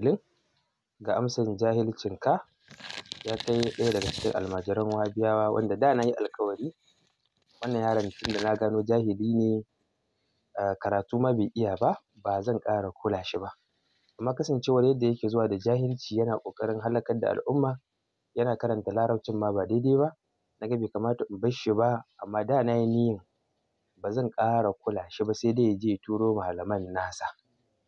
filin ga amsan ka ya kai ɗaya daga cikin almajiran wahabiyawa wanda da na yi alkawari wannan yaron tun da na gano jahili ne karatu ma bai iya ba ba zan ƙara kula shi ba amma kasancewar yadda yake zuwa da jahilci yana ƙoƙarin halakar da al'umma yana karanta larabcin ma ba daidai ba na ga bai kamata in bar shi ba amma da na yi niyyan ba zan ƙara kula shi ba sai dai ya je ya turo malaman nasa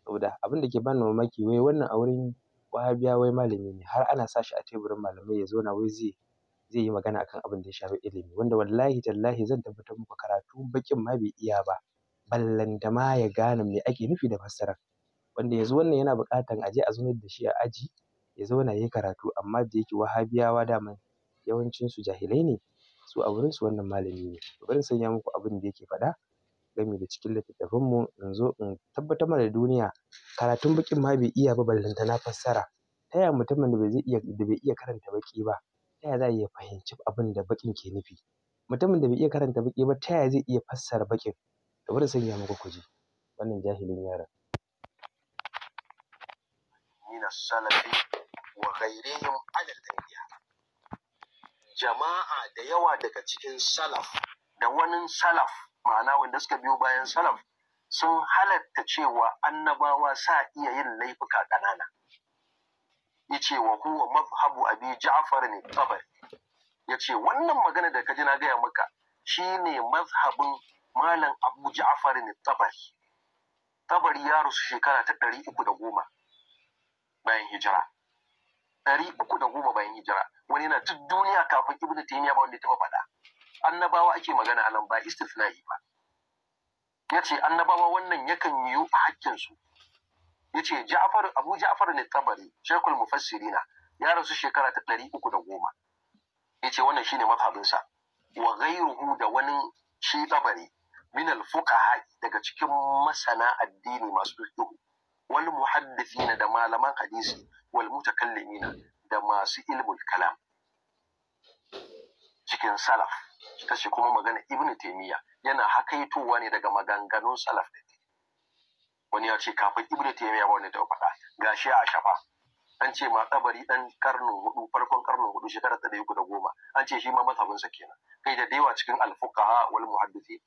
Saboda abin da ke bani mamaki wai wannan a wurin Wahabiyawa wai malami ne har ana sa shi a teburin malamai ya zauna wai zai zai yi magana akan abin da ya shafi ilimi wanda wallahi tallahi zan tabbatar muku karatu baƙin ma bai iya ba ma ya gane me ake nufi da fassara wanda yanzu wannan yana buƙatan a je a zaunar da shi a aji ya zauna ya yi karatu amma da yake Wahabiyawa dama yawancinsu jahilai ne su a wurinsu wannan malami ne bari in sanya muku abin da yake faɗa gami da cikin littattafanmu in zo in tabbatar mana da duniya karatun baƙin ma bai iya ba na fassara ta yaya mutumin da bai iya da bai iya karanta baƙi ba ta yaya za iya fahimci abin da baƙin ke nufi mutumin da bai iya karanta baƙi ba ta yaya zai iya fassara baƙin da bari sanya muku kuji wannan jahilin yaron wa السلف ala al-anbiya jama'a da yawa daga cikin salaf da wani salaf ma'ana wanda suka biyo bayan salaf sun halatta cewa annabawa sa iya yin laifuka ƙanana ce wa huwa mazhabu abi ja'far ne tabari ce wannan magana da ka ji na gaya maka shine mazhabin malam abu ja'far ne tabari tabari ya rusu shekara ta ɗari uku da goma bayan hijira ɗari uku da goma bayan hijira wani na duk duniya kafin ibnu taymiya ba wanda ya taɓa faɗa annabawa ake magana nan, ba istisna'i ba ya ce annabawa wannan yakan yiwu a hakkinsu ya ce Abuja'far abu ja'far ne tabari shekul mufassirina ya rasu shekara ta ɗari uku da goma ya ce wannan shine mafabinsa. wa ghairuhu da wani shi tabari min al daga cikin masana addini masu fiqh wal muhaddithina da malaman hadisi wal mutakallimina da masu ilmul kalam cikin salaf ita ce kuma magana ibn taimiyya yana hakaitowa ne daga maganganun salaf da ke wani ya ce kafin ibn taimiyya ba wani ta faɗa gashi a shafa an ce ma tsabari dan karnin hudu farkon karnin hudu shekarar ta uku da goma an ce shi ma mazhabinsa kenan kai da daiwa cikin alfuqaha wal muhaddisi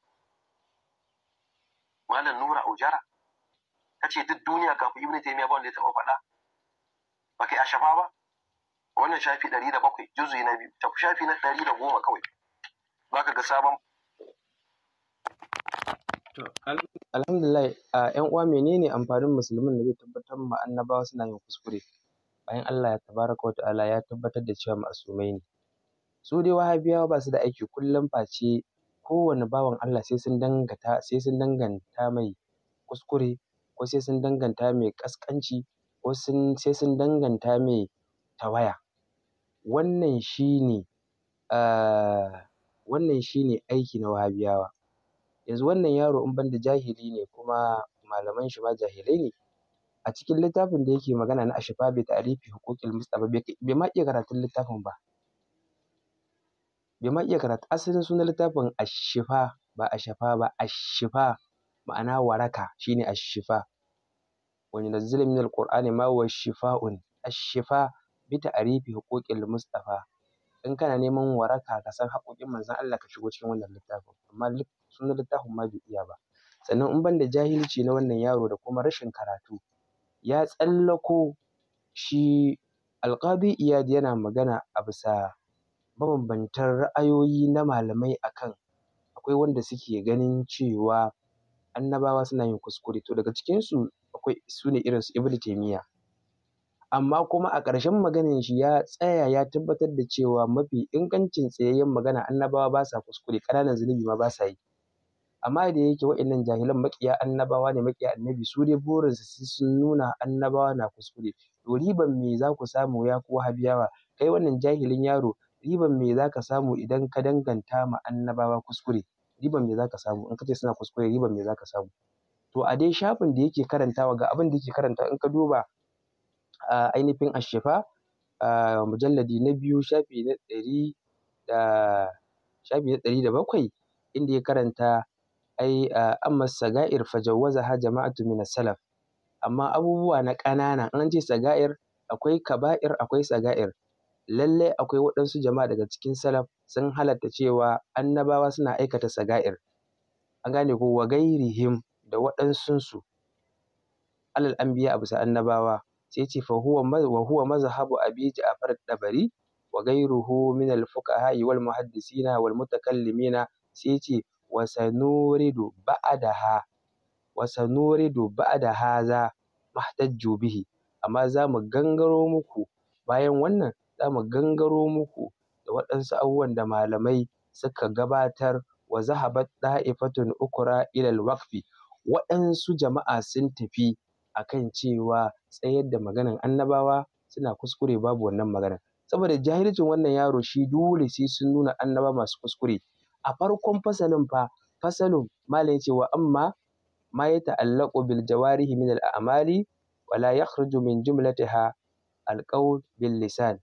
malam nura ujara ta ce duk duniya kafin ibn taimiyya ba da ya taɓa faɗa ba kai a shafa ba wannan shafi ɗari da bakwai juzu na biyu shafi na ɗari da goma kawai baka ga sabon alhamdulillah yan uwa menene amfanin musulmin da zai tabbatar ma annabawa suna yin kuskure bayan Allah ya tabaraka wata'ala ya tabbatar da cewa ma'asumai ne su dai wahabiyawa ba su da aiki kullum face kowane bawan Allah sai sun dangata sai sun danganta mai kuskure ko sai sun danganta mai kaskanci ko sai sun danganta mai tawaya wannan shine uh, Wannan shi ne aiki na Wahabiyawa. Yanzu wannan yaro in banda jahili ne kuma malaman shi ma jahilai ne, a cikin littafin da yake magana na Ashifa, Ashifabe Ta'arifi Huquqil Mustapha bai ma iya karatun littafin ba. Bai ma iya karatu asalin sunan littafin Ashifa ba Ashafa ba Ashifa ma'ana waraka shi ne Ashifa. Wa yunazzilu minal Qur'ani ma huwa shifa'un Ashifa bi ta'rifi huquqil mustafa in kana neman waraka ka san haƙoƙin manzon Allah ka shigo cikin wannan littafin amma sunan littafin ma bai iya ba sannan in banda jahilci na wannan yaro da kuma rashin karatu ya tsallako shi alƙadi iyad yana magana a bisa mabambantan ra'ayoyi na malamai akan akwai wanda suke ganin cewa annabawa suna yin kuskure to daga cikinsu akwai su ne irinsu ibnu taimiya amma kuma a ƙarshen maganan shi ya tsaya ya tabbatar da cewa mafi ingancin tsayayyen magana annabawa ba sa kuskure ƙananan zunubi ma ba sa yi amma da yake wa'annan jahilan maƙiya annabawa ne maƙiya annabi su dai burinsu sai sun nuna annabawa na kuskure to riban me za ku samu ya ku wahabiyawa kai wannan jahilin yaro riban me za ka samu idan ka danganta ma annabawa kuskure riban me za ka samu in ka ce suna kuskure riban me za ka samu to a dai shafin da yake karantawa ga abin da yake karanta in ka duba ainihin ashifa mujalladi na biyu shafi na ɗari da shafi na ɗari da bakwai inda ya karanta ai amma saga'ir fajawwaza ha jama'atu min salaf amma abubuwa na ƙanana an ce saga'ir akwai kaba'ir akwai saga'ir lallai akwai waɗansu jama'a daga cikin salaf sun halatta cewa annabawa suna aikata saga'ir an gane ko wa gairihim da waɗansunsu alal anbiya a bisa annabawa sai ce fa huwa wa huwa mazhabu abi ja'far at-tabari wa ghayruhu min al fuqahai wal muhaddisina wal mutakallimina sai ce wa sanuridu ba'daha wa sanuridu ba'da haza muhtajju bihi amma za mu gangaro muku bayan wannan za mu gangaro muku da waɗansu abubuwan da malamai suka gabatar wa zahabat da'ifatun ukra ila al waqfi waɗansu jama'a sun tafi akan cewa tsayar da maganan annabawa suna kuskure babu wannan maganan saboda jahilcin wannan yaro shi dole sai sun nuna annaba masu kuskure a farkon fasalin fa fasalin malam yace wa amma ma ya ta'allaqu bil jawarihi min al a'mali wa la yakhruju min jumlatiha al qawl bil lisan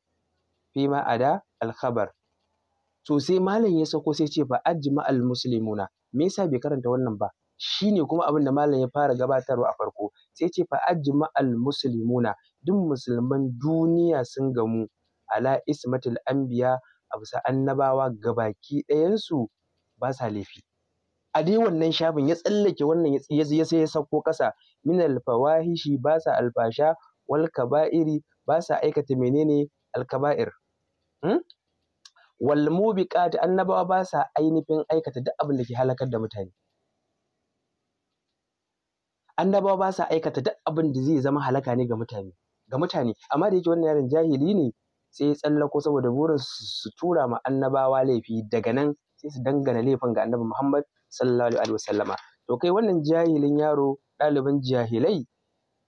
fi ma ada al khabar to sai malam ya sako sai ce fa ajma al muslimuna me yasa bai karanta wannan ba shine kuma abin da malam ya fara gabatarwa a farko sai ce fa ajma'al muslimuna duk musulman duniya sun gamu ala ismatil anbiya a bisa annabawa gabaki ɗayansu ba sa laifi a dai wannan shafin ya tsallake wannan ya sai ya sauko ƙasa al fawahishi ba sa alfasha wal kaba'iri ba sa aikata menene kaba'ir? Hmm? wal mubiqat annabawa ba sa ainihin aikata duk abin da ke halakar da mutane annabawa ba sa aikata duk abin da zai zama halaka ne ga mutane ga mutane amma da yake wannan yaron jahili ne sai ya tsallako saboda burin su tura ma annabawa laifi daga nan sai su dangana laifin ga annabi Muhammad sallallahu alaihi wasallama to kai wannan jahilin yaro ɗalibin jahilai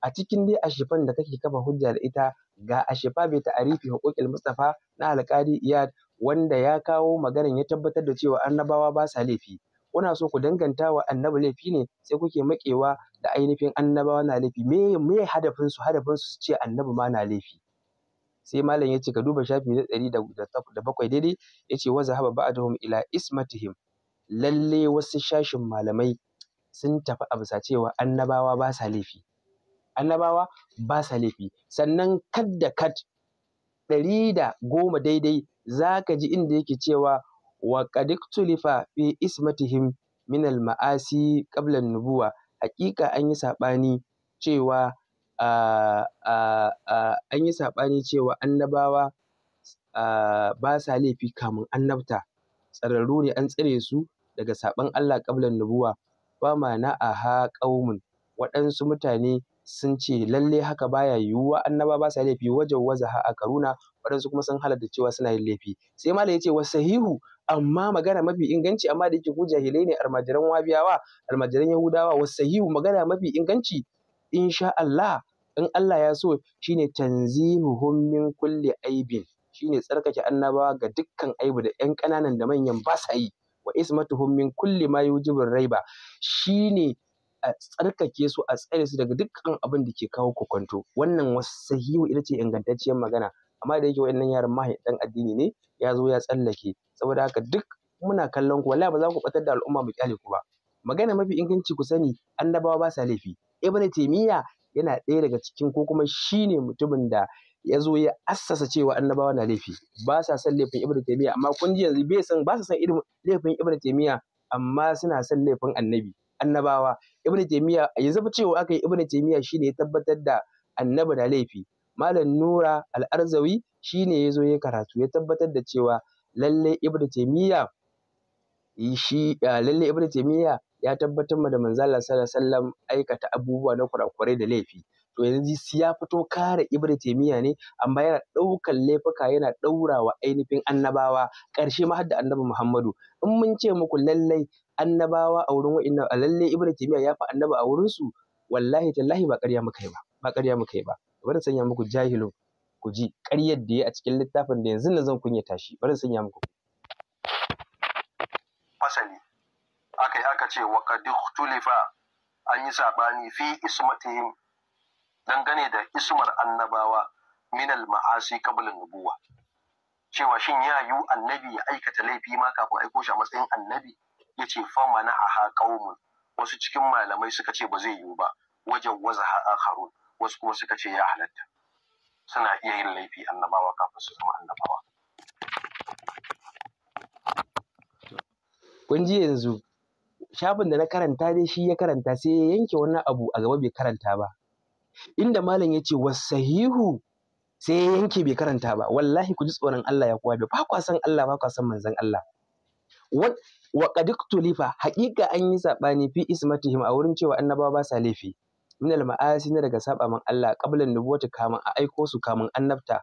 a cikin dai ashifan da kake kafa hujja da ita ga ashifa bai ta'arifi huquqil mustafa na alƙadi iyad wanda ya kawo maganar ya tabbatar da cewa annabawa ba sa laifi kuna so ku danganta wa annabi laifi ne sai kuke makewa da ainihin annabawa na laifi me me hadafin su hadafin su ce annabi ma na laifi sai malam ya ce ka duba shafi na ɗari da bakwai daidai ya ce waza haba ila ismatihim lalle wasu shashin malamai sun tafi a bisa cewa annabawa ba sa laifi annabawa ba sa laifi sannan kad da kad ɗari da goma daidai za ka ji inda yake cewa وقد اختلف في ismatihim min alma'asi, maasi qabla nubuwa haƙiƙa an yi saɓani cewa an yi saɓani cewa annabawa ba sa laifi kamun annabta tsararru ne an tsare su daga saɓan Allah ƙablan nubuwa ba ma na'aha qaumun waɗansu mutane sun ce lallai haka baya yiwuwa annaba ba sa laifi wajen wazaha a karuna waɗansu kuma sun halarta cewa suna yin laifi sai mala ya ce wa sahihu amma magana mafi inganci amma da yake ku jahilai ne almajiran wabiyawa almajiran yahudawa wa sahihu magana mafi inganci insha Allah in Allah ya so shine tanzihuhum min kulli aibin shine tsarkake annabawa ga dukkan aibu da 'yan kananan da manyan ba sa yi wa ismatuhum min kulli ma yujibur raiba shine a tsarkake su a tsare su daga dukkan abin da ke kawo kokonto wannan sahihu ita ce ingantacciyar magana amma da yake wayannan yaran mahaifin addini ne ya zo ya tsallake saboda haka duk muna kallon ku wallahi ba za ku batar da al'umma mu kyale ku ba magana mafi inganci ku sani annabawa ba sa laifi ibnu taymiya yana ɗaya daga cikin ko kuma shine mutumin da ya zo ya assasa cewa annabawa na laifi ba sa son laifin ibnu taymiya amma kun ji yanzu bai san ba sa son laifin ibnu taymiya amma suna son laifin annabi annabawa ibn taymiya yanzu fa cewa aka yi ibn taymiya shine ya tabbatar da annabi da laifi malam nura al-arzawi shine yazo zo ya karatu ya tabbatar da cewa lalle ibn taymiya shi lalle ibn taymiya ya tabbatar ma da Allah sallallahu alaihi wasallam aikata abubuwa na kurakurai da laifi to yanzu ya fito kare ibn taymiya ne amma yana ɗaukan laifuka yana wa ainihin annabawa ƙarshe ma har da annabi muhammadu in mun ce muku lallai annabawa a wurin wa'innan a lalle ibnu taymiya ya fi annaba a wurinsu wallahi tallahi ba ƙarya muka yi ba ba ƙarya muka yi ba bari sanya muku jahilun ku ji ƙaryar da ya a cikin littafin da yanzu nan zan kunyata shi bari sanya muku fasali aka yi aka ce wa qad ikhtulifa an yi sabani fi ismatihim dangane da ismar annabawa min al ma'asi qabla nubuwa cewa shin ya yu annabi ya aikata laifi ma kafin aiko shi a matsayin annabi ya ce fama na aha ƙaumun wasu cikin malamai suka ce ba zai yiwu ba wajen waza harun wasu kuma suka ce ya halatta suna iya yin laifi annabawa kafin su zama annabawa. Kun ji yanzu shafin da na karanta dai shi ya karanta sai ya yanke wani abu a gaba bai karanta ba. Inda malam ya ce wasahihu sai ya yanke bai karanta ba wallahi ku ji tsoron Allah ya kuwa ba kwa san Allah ba kwa san manzon Allah. wa tulifa haƙiƙa an yi saɓani fi ismatihim a wurin cewa annabawa ba sa laifi min al-ma'asi na daga saba man Allah qablan nubuwati kamun a aiko su kamun annabta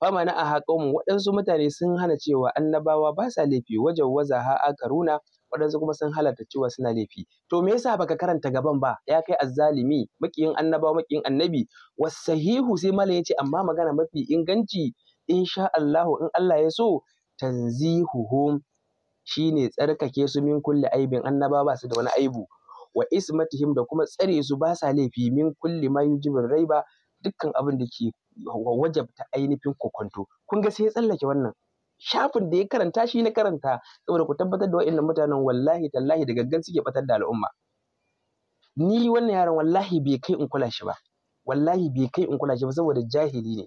fama a a qaumun waɗansu mutane sun hana cewa annabawa ba sa laifi wajen wazaha akaruna waɗansu kuma sun halarta cewa suna laifi to me yasa baka karanta gaban ba ya kai azzalimi makiyin annabawa makiyin annabi wasahihu sai ya ce, amma magana mafi inganci insha Allahu in Allah ya so tanzihuhum shi ne tsarkake su min kulle aibin annaba ba su da wani aibu wa ismatihim da kuma tsare su ba sa laifi min kulli ma rai raiba dukkan abin da ke wajabta ainihin kokonto kun ga sai ya tsallake wannan shafin da ya karanta shi na karanta saboda ku tabbatar da wa'annan mutanen wallahi tallahi da gaggan suke batar da al'umma ni wannan yaron wallahi bai kai in kula shi ba wallahi bai kai in kula shi ba saboda jahili ne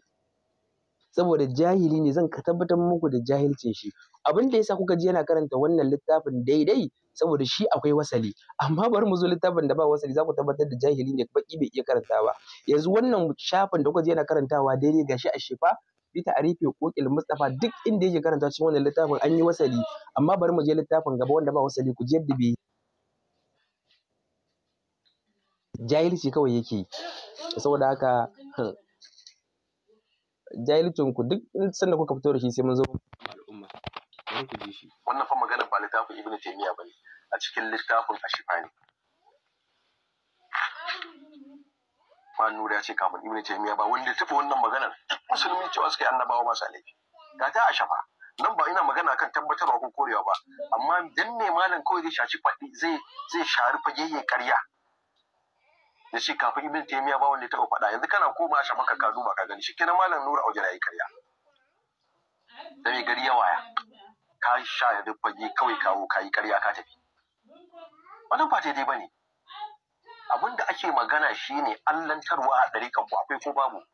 saboda jahili ne zan ka tabbatar muku da jahilcin shi abin da yasa kuka ji yana karanta wannan littafin daidai saboda shi akwai wasali amma bari mu zo littafin da ba wasali za ku tabbatar da jahili ne baki bai iya karantawa. yanzu wannan shafin da kuka ji yana karantawa daidai gashi a shifa bi ta'arifi kokil mustafa duk inda yake karanta cikin wannan littafin an yi wasali amma bari mu je littafin gaba wanda ba wasali ku je yadda bai jahilci kawai yake saboda haka ku duk sanda kuka fito da shi sai mun zo wannan fa magana ba littafin ibnu taymiya bane a cikin littafin ashifa ne Manu ya ce kafin Ibn taymiya ba wanda tafi wannan maganar musulmi cewa suka yi annabawa ba su alaifi Ga ta a shafa nan ba ina magana kan tabbatarwa ko korewa ba amma dan ne malam kawai zai shaci faɗi zai zai shari fageye ƙarya. Ya ce kafin Ibn taymiya ba wanda ya taɓa faɗa yanzu kana koma a shafa ka duba ka gani shi kenan malam Nura Auja ya yi ƙarya. Da mai gari ya waya. ka sha ya da fage kawai kawo ka yi karya ka tafi wannan ba daidai ba ne abin da ake magana shine allantarwa a ɗari ku akwai ko babu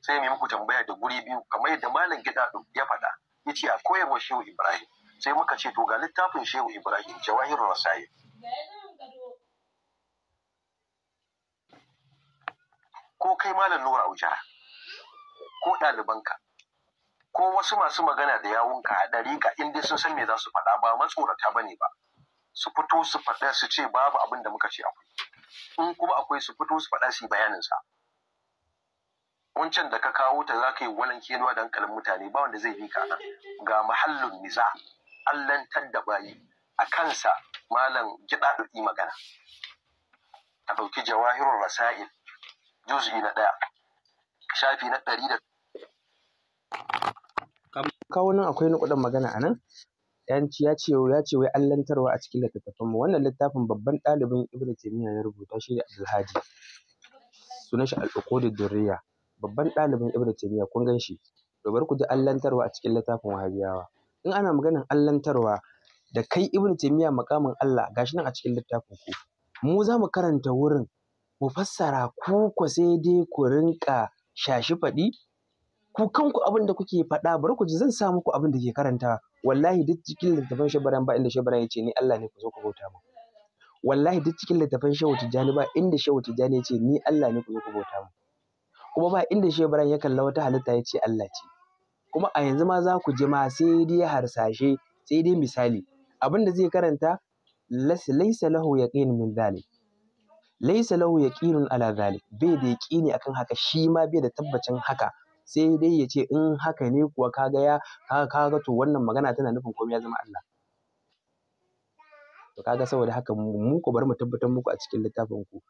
sai mai muku tambaya da guri biyu kamar yadda malam gida ya faɗa ya ce a koyarwa shehu ibrahim sai muka ce to ga littafin shehu ibrahim jawahirul rasail ko kai malam nura aujara ko ɗalibanka ko wasu masu magana da yawun ka a ka in dai sun san me za su faɗa ba matsorata ba ne ba su fito su faɗa su ce babu abin da muka ce akwai in kuma akwai su fito su faɗa su yi bayanin sa. wancan da ka kawo ta za ka yi walan kenuwa da hankalin mutane ba wanda zai bi ka nan ga mahallin nisa allantar da bayi a kansa malam gida ɗauki magana a ɗauki jawahirun rasa'il juz'i na ɗaya shafi na ɗari da Kawo nan akwai na kuɗin magana a nan. Ya ce wai allantarwa a cikin mu. Wannan littafin babban ɗalibin Ibn Taymiyyah ya rubuta shi ne Abdulhadi. Sunan shi Al-Uqudud Durriyya. Babban ɗalibin Ibn kun gan shi. To ku ji allantarwa a cikin littafin Wahabiyawa. In ana maganar allantarwa da kai Ibn Taymiyyah Allah gashi nan a cikin littafin ku. Mu za mu karanta wurin mu fassara ku kuwa sai dai ku rinka shashi faɗi ku kanku abin da kuke faɗa bari ku ji zan sa muku abin da ke karanta wallahi duk cikin littafin shabaran ba inda shabaran ya ce ni Allah ne ku zo ku bauta mu wallahi duk cikin littafin shehu tijjani ba inda shehu tijjani ya ce ni Allah ne ku zo ku bauta mu kuma ba inda shabaran ya kalla wata halitta ya ce Allah ce kuma a yanzu ma za ku ji ma sai dai harsashe sai dai misali abin da zai karanta laisa lahu yaqin min dhalik laisa lahu yaqinun ala dhalik bai da yaqini akan haka shi ma bai da tabbacin haka sai dai ya ce in haka ne kuwa ka ga ya ka to wannan magana tana nufin komai ya zama Allah to kaga saboda haka mu ku bar mu tabbatar muku a cikin littafin ku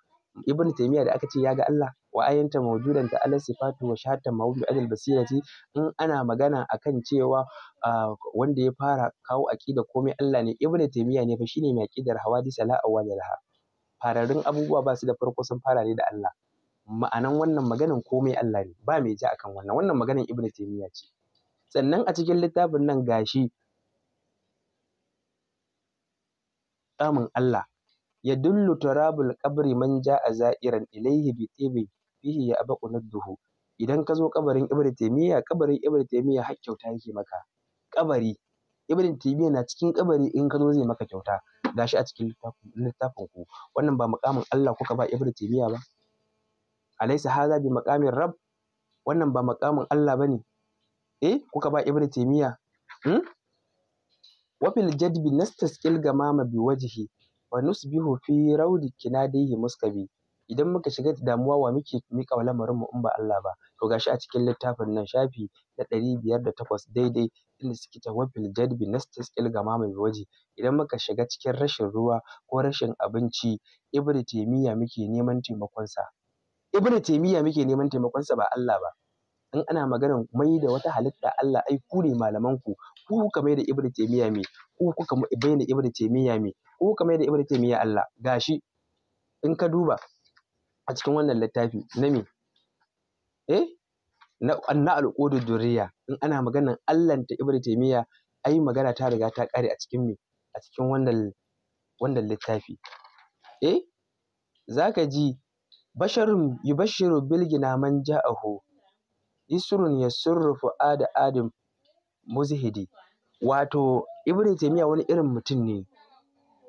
ibn taymiya da aka ce ya ga Allah wa ayyanta mawjudan ta ala sifatu wa shahata mawjudu adal basirati in ana magana akan cewa wanda ya fara kawo aqida komai Allah ne ibn taymiya ne fa shine mai aqidar hawadisa la awwalaha fararrun abubuwa ba su da farko sun fara ne da Allah ma'anan wannan maganan komai Allah ne ba mai ji akan wannan wannan maganan ibnu taymiya ce sannan a cikin littafin nan gashi samun Allah ya dullu turabul qabri man ja'a za'iran ilayhi bi tibi fihi ya abaqu nadduhu idan ka zo kabarin ibnu taymiya kabarin ibnu taymiya har kyauta yake maka kabari ibnu taymiya na cikin kabari in ka zo zai maka kyauta gashi a cikin littafin ku wannan ba mukamin Allah kuka ba ibnu taymiya ba alaisa haza bi makamin rab wannan ba maqamin Allah bane eh kuka ba ibnu taymiya hmm? wa fil jadbi nastasqil gamama bi wajhi wa nusbihu fi raudi kinadihi muskabi idan muka shiga damuwa wa muke mika lamarin mu in ba Allah ba to gashi a cikin littafin nan shafi na ɗari biyar da takwas daidai inda suke ta wafil jadbi nastasqil gamama mai waje idan muka shiga cikin rashin ruwa ko rashin abinci ibnu taymiya muke neman taimakon sa ibnu taymiya muke neman taimakon sa ba Allah ba in ana maganar mai da wata halitta Allah ai ku ne malaman ku ku kuka mai da ibnu taymiya me ku kuka bayyana ibnu taymiya me ku kuka mai da ibnu taymiya Allah gashi in ka duba a cikin wannan littafi na me eh na anna alqudud durriya in ana maganar Allah ta ibnu taymiya ai magana ta riga ta kare a cikin me a cikin wannan wannan littafi eh zaka ji بشر يبشر بالجنى من جاءه يسر يسر فؤاد آدم مزهدي wato ibn taymiya wani irin mutum ne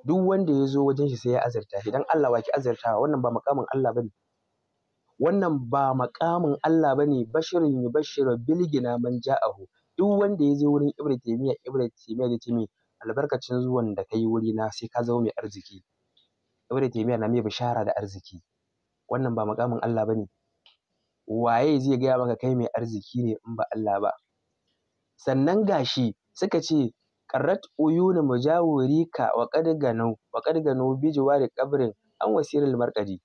duk wanda ya zo wajen shi sai ya azarta shi dan Allah waki azartawa wannan ba makamin Allah bane wannan ba makamin Allah bane bashirin yubashiru bilgina man ja'ahu duk wanda ya zo wurin ibn taymiya ibn taymiya zai ce mai albarkacin zuwan da kai wuri na sai ka zama mai arziki ibn taymiya na mai bishara da arziki wannan ba muƙamin Allah ba ne waye zai gaya maka kai mai arziki ne in ba Allah ba sannan gashi suka ce qarrat uyuna mujawirika wa qad wa an wasiril marqadi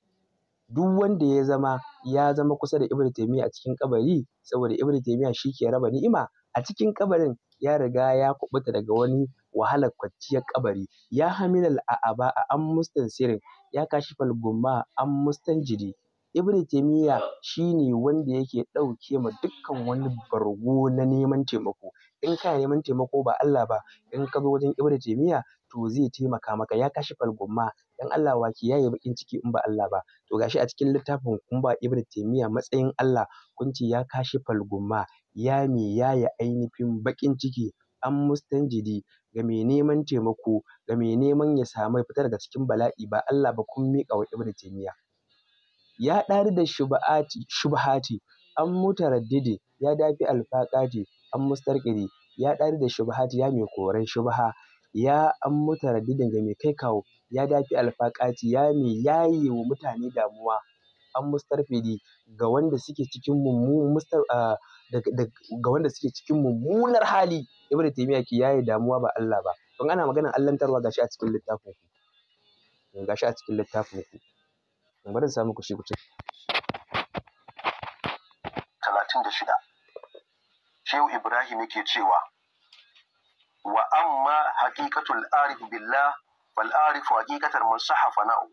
duk wanda ya zama ya zama kusa da Ibn Taymiyyah a cikin kabari saboda Ibn Taymiyyah shi ke raba ni'ima a cikin ƙabarin ya riga ya kubuta daga wani wahalar kwanciyar kabari ya hamilal a Aba a an sirin ya kashifal gumma an jiri. ibn taymiya shine wanda yake ɗauke ma dukkan wani bargo na neman taimako in kana neman taimako ba Allah ba in ka zo wajen ibn taymiya to zai taimaka maka ya kashifal gumma dan Allah wa ke yi bakin ciki in ba Allah ba to gashi a cikin littafin kun ba ibn taymiya matsayin Allah kun ce ya kashifal gumma ya me yi ainihin baƙin ciki an mustanjidi ga mai neman taimako ga mai neman ya samu ya fita daga cikin bala'i ba Allah ba kun miƙa wa Ibn Taymiyyah. Ya ɗari da shubahati, shubahati an mutaraddidi ya dafi alfaƙati an mustarƙiri ya ɗari da shubahati ya mai koran shubaha ya an mutaraddidin ga mai kai kawo ya dafi alfaƙati ya mai yaye wa mutane damuwa an mustarfidi ga wanda suke cikin mummunan. ga wanda suke cikin mummunar hali ibn taymiya ke yaye damuwa ba Allah ba don ana maganar allantarwa gashi a cikin littafin ku gashi a cikin littafin ku bari in samu ku shi ku ci 36 Shehu Ibrahim yake cewa wa amma haqiqatul arif billah wal arif haqiqatar man sahafa na'u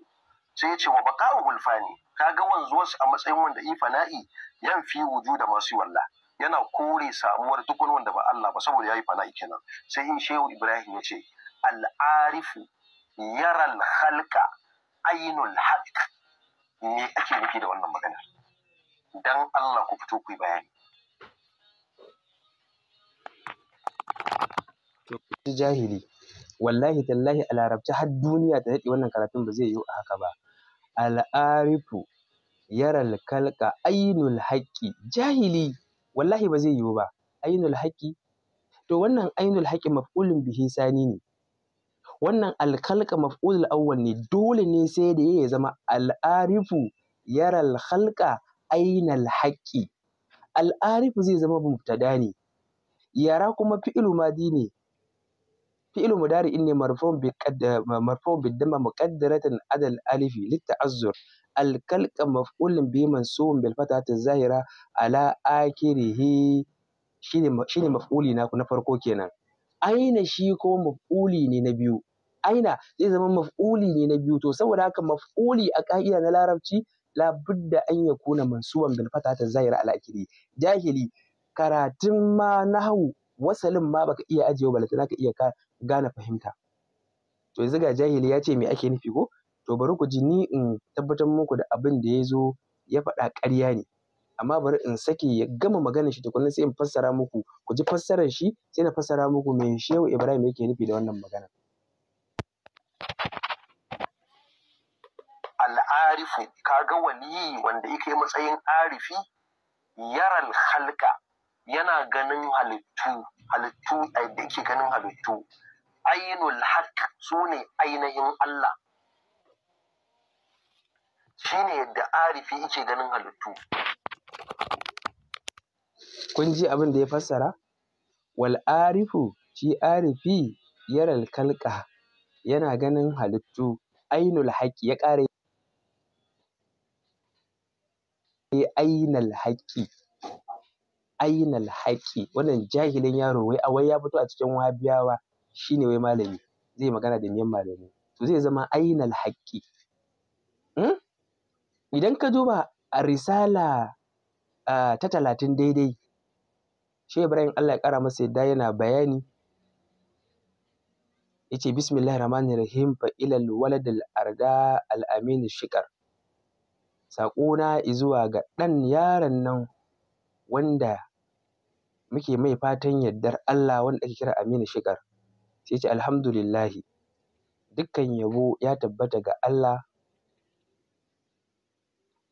sai yace wa baqa'uhul fani kaga wanzuwarsa a matsayin wanda ifana'i yan fi wujuda masu wallah yana kore samuwar duk wani wanda ba Allah ba saboda yayi fana'i kenan sai in shehu Ibrahim ya ce al'arifu yaral halka ainul haq me ake nufi da wannan maganar dan Allah ku fito ku yi bayani jahili wallahi tallahi a larabci har duniya ta daɗe wannan karatun ba zai yiwu a haka ba al'arifu yaral kalka ainul haqqi jahili wallahi ba zai yiwu ba ainul haƙi to wannan ainul haƙi maf'ulun bihi sani ne wannan alkalƙa maf'ulul awwal ne dole ne sai da ya zama al'arifu yaral khalqa ainal haƙi al'arifu zai zama mubtada ne yara kuma filu madi ne fi'lu mudari'in ne marfu'un bi marfu'un bid damma muqaddaratin adal alifi litta'azzur alkalka maf'ulin bi mansubun bil fatati zahira ala akirihi shine maf'uli na na farko kenan aina shi ko maf'uli ne na biyu aina zai zama maf'uli ne na biyu to saboda haka maf'uli a ka'ida na larabci labudda an ya kuna mansuban bil fatati zahira ala jahili karatun ma nahawu wasalin ma baka iya ajiye balantana ka iya gane fahimta to yanzu ga jahili ya ce me ake nufi ko to bari ku ji ni in tabbatar muku da abin da ya zo ya faɗa ƙarya ne amma bari in sake ya gama maganar shi tukunna sai in fassara muku ku ji fassarar shi sai na fassara muku me Shehu Ibrahim yake nufi da wannan magana al'arifu ga waliyi wanda yake matsayin arifi yaral halka yana ganin halittu halittu da eh, yake ganin halittu ainul haq sune ainihin Allah shine yadda arifi yake ganin halittu kun ji abin da ya fassara wal arifu shi arifi yaral kalqa yana ganin halittu ainul haƙƙi ya ƙara ainul haƙƙi. ainul wannan jahilin yaro wai a wai ya fito a cikin wabiyawa shine wai malami zai magana da niyan malami to zai zama ainal haƙƙi. idan ka duba a risala ta talatin daidai shi ibrahim allah ya ƙara masa yadda yana bayani yace bismillahir rahmanir rahim fa ilal waladil arda al amin shikar saƙona izuwa ga ɗan yaron nan wanda muke mai fatan yardar Allah wanda ake kira Aminu Shikar sai ce alhamdulillahi dukkan yabo ya tabbata ga Allah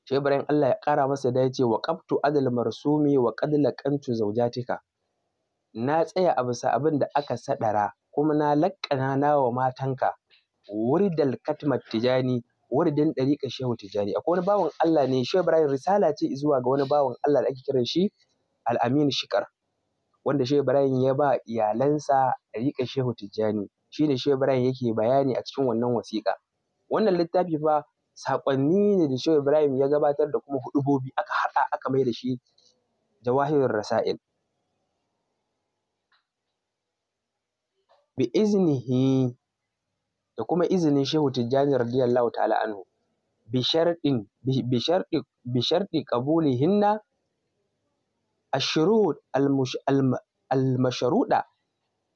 Shehu Ibrahim Allah ya ƙara masa da ya ce wa ƙabtu adal marsumi wa qad ƙantu Zaujatika. na tsaya a bisa abin da aka saɗara kuma na laƙana na wa matanka Wuri dal katmat tijani wuridin ɗariƙar shehu tijani akwai wani bawan Allah ne shi risala ce zuwa ga wani bawan Allah da ake kiran shi al Shikar wanda shi ya ba iyalansa ɗariƙar shehu tijani shi ne shi Ibrahim yake bayani a cikin wannan wasiƙa wannan littafi fa saƙonni ne da Shehu Ibrahim ya gabatar da kuma huɗubobi aka haɗa aka mai da shi jawahirur rasa'il bi iznihi da kuma izinin Shehu Tijjani radiyallahu ta'ala anhu bi sharɗin bi sharɗi bi sharɗi qabulihinna al mashruda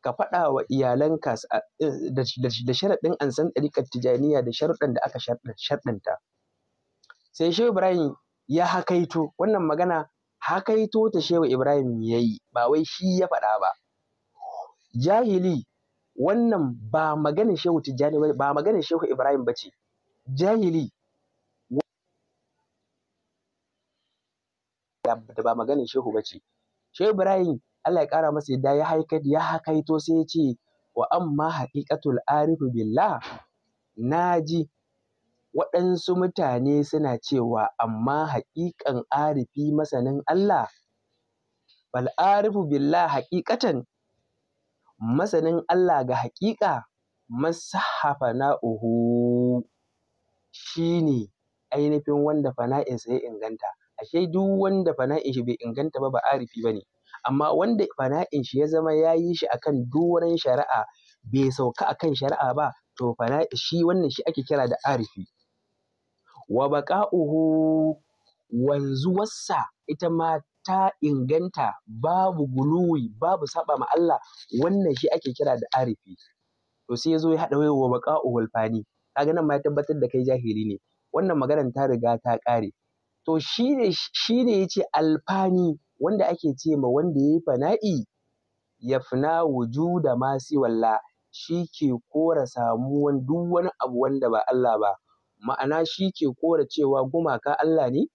ka faɗa wa iyalanka eh, da sharaɗin an san ɗariƙar tijaniya da sharuɗan da aka sharɗanta sai shehu ibrahim ya hakaito wannan magana hakaito ta shehu ibrahim ya yi ba wai shi ya faɗa ba jahili wannan ba maganin shehu tijjani ba ba maganin shehu ibrahim ba ce jahili da ba maganin shehu ba ce shehu ibrahim Allah ya ƙara masa yadda ya haikat ya hakaito sai ya ce wa amma haƙiƙatul arifu billah na ji waɗansu mutane suna cewa amma haƙiƙan arifi masanin Allah bal arifu billah haƙiƙatan masanin Allah ga haƙiƙa masahafa na'uhu shi ne ainihin wanda fana'insa ya inganta ashe duk wanda fana'in shi bai inganta ba ba arifi ba ne amma wanda fana'in shi ya zama ya yi shi akan doron shari'a bai sauka akan shari'a ba to fana'i shi wannan shi ake kira da arifi wa baqa'uhu wanzuwarsa ita ma ta inganta babu guluwi babu saba ma Allah wannan shi ake kira da arifi to sai yazo ya hada wayo wa baqa'uhul fani kaga nan ma ya tabbatar da kai jahili ne wannan maganar ta riga ta kare to shi ne shi ne yace alfani wanda ake ce ma wanda ya yi fana'i yafna wujuda ma walla shi ke kora samuwan duk wani abu wanda ba Allah ba ma'ana shi ke kora cewa gumaka Allah ne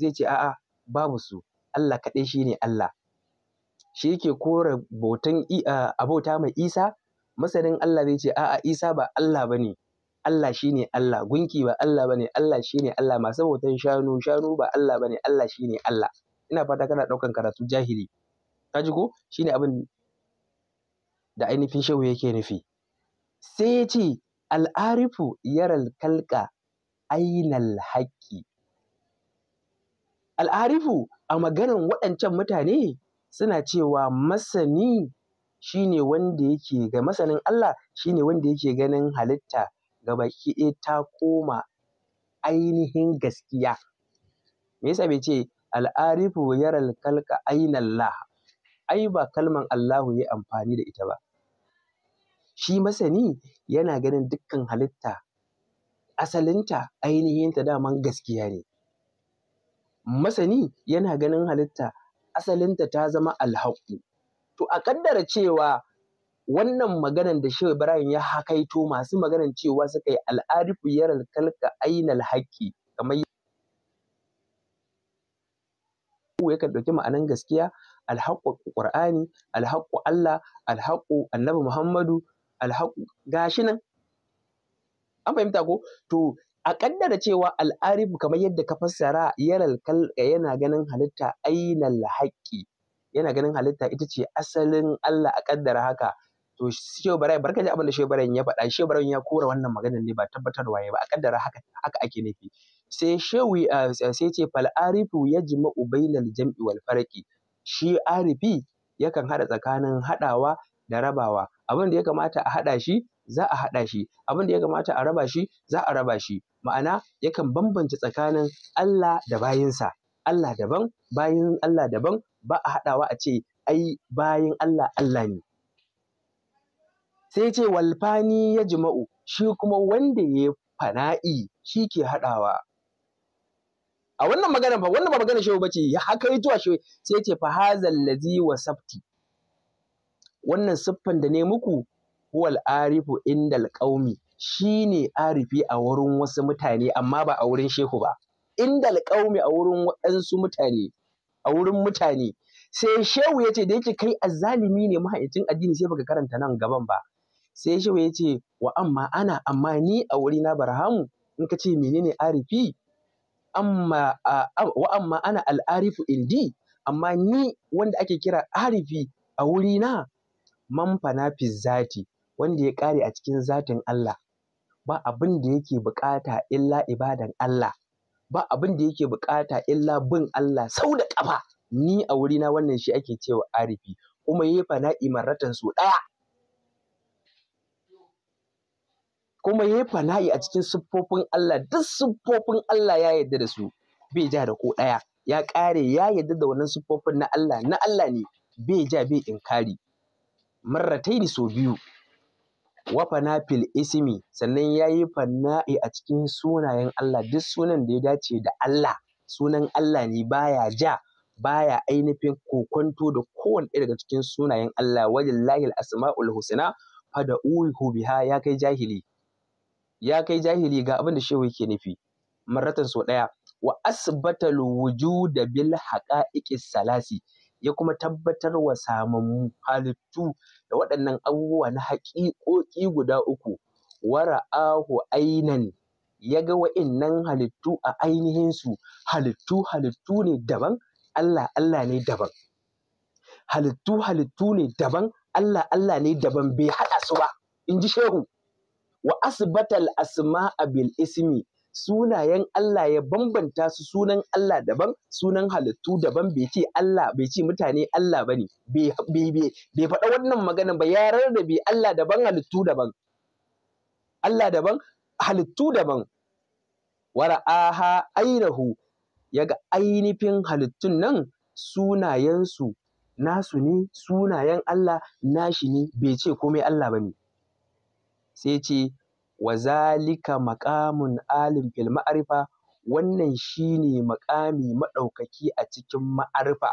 zai ce a'a babu su Allah kaɗai shi ne Allah shi ke kora bautan abota mai Isa masanin Allah zai ce a'a Isa ba Allah ba ne Allah shi ne Allah gunki ba Allah ba ne Allah shi ne Allah masu bautan shanu shanu ba Allah ba ne Allah shi ne Allah ina fata kana ɗaukan karatu jahili ka ji ko shine abin da ainihin shehu yake nufi sai ya ce al'arifu yaral kalka ainal haƙƙi al'arifu a maganan waɗancan mutane suna cewa masani shine wanda yake ga masanin Allah shine wanda yake ganin halitta ga baki ɗaya ta koma ainihin gaskiya me yasa bai ce al'arifu yaral kalka ainallah ai ba kalman Allahu ya amfani da ita ba shi masani yana ganin dukkan halitta asalinta ainihinta daman gaskiya ne masani yana ganin halitta asalinta ta zama alhaƙu to a ƙaddara cewa wannan maganan da Shehu Ibrahim ya hakaito masu maganan cewa suka yi al'arifu yaral kalka ainal haƙƙi kamar yakan ɗauki ma'anan gaskiya alhaƙu ƙurani alhaƙu Allah alhaƙu Annabi Muhammadu alhaƙu gashi nan an fahimta ko to a ƙaddara cewa al'arifu kamar yadda ka fassara yaral kalka yana ganin halitta ainal haƙƙi yana ganin halitta ita ce asalin Allah a ƙaddara haka to shehu barai barka ji abin da shehu barai ya faɗa shehu barai ya kora wannan maganar ne ba tabbatarwa ya ba a ƙaddara haka haka ake nufi sai shewi sai ce fal arifu yajma'u bainal jam'i wal farqi shi arifi yakan haɗa tsakanin haɗawa da rabawa abin ya kamata a haɗa shi za a haɗa shi abin da ya kamata a raba shi za a raba shi ma'ana yakan bambanta tsakanin Allah da bayinsa Allah daban bayin Allah daban ba a haɗawa a ce ai bayin Allah Allah ne sai ce walfani ya jima'u shi kuma wanda ya fana'i shi ke haɗawa a wannan magana fa? wannan ba magana shehu bace ya haka yi tuwa shehu sai ce fa hazal ladzi wasafti wannan siffan da ne muku huwal arifu indal qaumi shine arifi a wurin wasu mutane amma ba a wurin shehu ba indal qaumi a wurin waɗansu mutane a wurin mutane sai shehu yace da yake kai azzalimi ne mahaicin addini sai baka karanta nan gaban ba sai shehu yace wa amma ana amma ni a na barhamu in ka ce menene arifi amma ana al'arifu indi amma ni wanda ake kira arifi a wurina man fana fi zati wanda ya ƙare a cikin zatin Allah ba abin da yake buƙata illa ibadan Allah ba abin da yake buƙata illa bin Allah sau da ƙafa ni a wuri na wannan shi ake cewa arifi kuma yayi fana'i marratan su ɗaya kuma ya yi fana'i a cikin siffofin Allah duk siffofin Allah ya yarda da su bai ja da ko ɗaya ya ƙare ya yarda da wannan siffofin na Allah na Allah ne bai ja bai inkari ne so biyu wa fana fil ismi sannan ya yi fana'i a cikin sunayen Allah duk sunan da ya dace da Allah sunan Allah ne baya ja baya ainihin kokonto da kowane ɗaya daga cikin sunayen Allah wajen lahil asma'ul husna fada uhu biha ya kai jahili ya kai jahili ga abin da shehu yake nufi marratan so ɗaya wa asbatal wujuda bil haqa'iqis salasi ya kuma tabbatar wa samammu halittu da waɗannan abubuwa na haƙiƙoƙi guda uku wara'ahu ainan ya ga wa'innan halittu a ainihin su, halittu halittu ne daban Allah Allah ne daban halittu halittu ne daban Allah Allah ne daban bai haɗa su ba in ji shehu wa asbatal asma'a bil ismi sunayen Allah ya bambanta su sunan Allah daban sunan halittu daban bai ce Allah bai ce mutane Allah bane bai bai faɗa wannan magana ba ya rarrabe Allah daban halittu daban Allah daban halittu daban wara'aha ainahu yaga ainifin halittun nan sunayensu nasu ne sunayen Allah nashi ne bai ce komai Allah bane sai ya ce wa zalika maqamun alin fil ma'arifa wannan shine maƙami maɗaukaki a cikin ma'arifa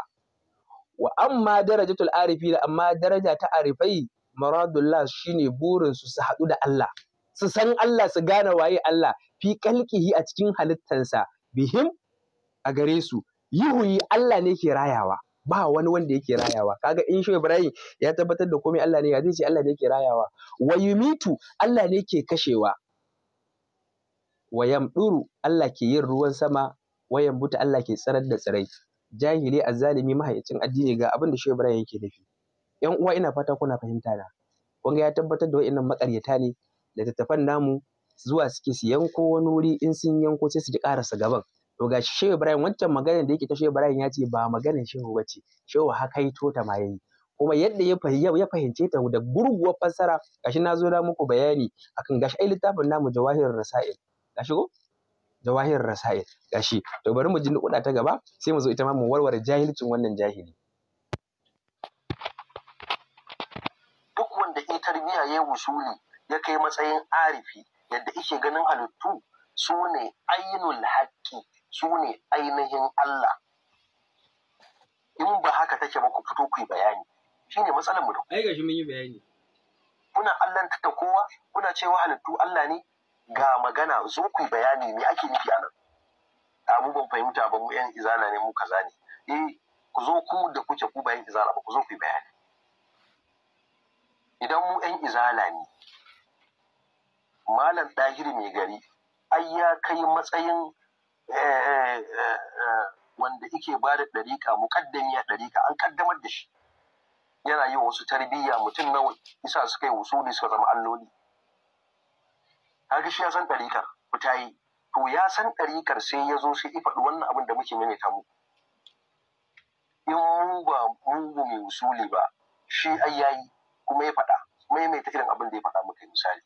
wa amma darajatul arifi amma daraja ta arifai muradullah shine burin su su haɗu da Allah su san Allah su gane waye Allah fi kalkihi a cikin halittansa bihim a gare su yuhuyi Allah ne ke rayawa ba wani wanda yake rayawa kaga in shi ibrahim ya tabbatar da komai Allah ne ya zai ce Allah ne yake rayawa wa yumitu Allah ne ke kashewa wa yamduru Allah ke yin ruwan sama wa yambuta Allah ke tsarar da tsirai jahili azzalimi mahaicin addini ga abin da shi ibrahim yake nufi yan uwa ina fata kuna fahimta na kun ya tabbatar da wa'annan makaryata ne littattafan namu zuwa suke su yanko wani wuri in sun yanko sai su ji karasa gaban to ga shehu ibrahim wancan maganar da yake ta shehu ibrahim ya ce ba maganar shehu ba ce shehu hakaito ta ma yayi kuma yadda ya fahimce ya fahimce ta da gurguwar fassara gashi na zo da muku bayani akan gashi ai littafin namu Jawahir rasail gashi ko Jawahir rasail gashi to bari mu ji nukuda ta gaba sai mu zo ita ma mu warware jahilcin wannan jahili duk wanda in tarbiya ya wusuli ya kai matsayin arifi yadda ike ganin halittu su ne ainul haƙƙi su ne ainihin Allah in ba haka take ba ku fito ku yi bayani shine matsalar mu da ai gashi mun yi bayani kuna Allah ta kowa kuna cewa halittu Allah ne ga magana zo ku yi bayani me ake nufi anan mu ban fahimta ba mu yan izana ne mu kaza ne eh ku zo ku da kuke ku bayan izana ba ku zo ku yi bayani idan mu yan izana ne malam dahiri mai gari ai ya kai matsayin wanda ike ba da ɗariƙa muƙaddami a ɗariƙa an ƙaddamar da shi yana yi wasu tarbiyya mutum nawa isa suka wasu wusuli su zama alloli kaga shi ya san ɗariƙar fita yi to ya san ɗariƙar sai ya zo sai ya faɗi wannan abin da muke maimaita mu in mu ba mu mai wusuli ba shi ai yayi kuma ya faɗa maimaita irin abin da ya faɗa muka misali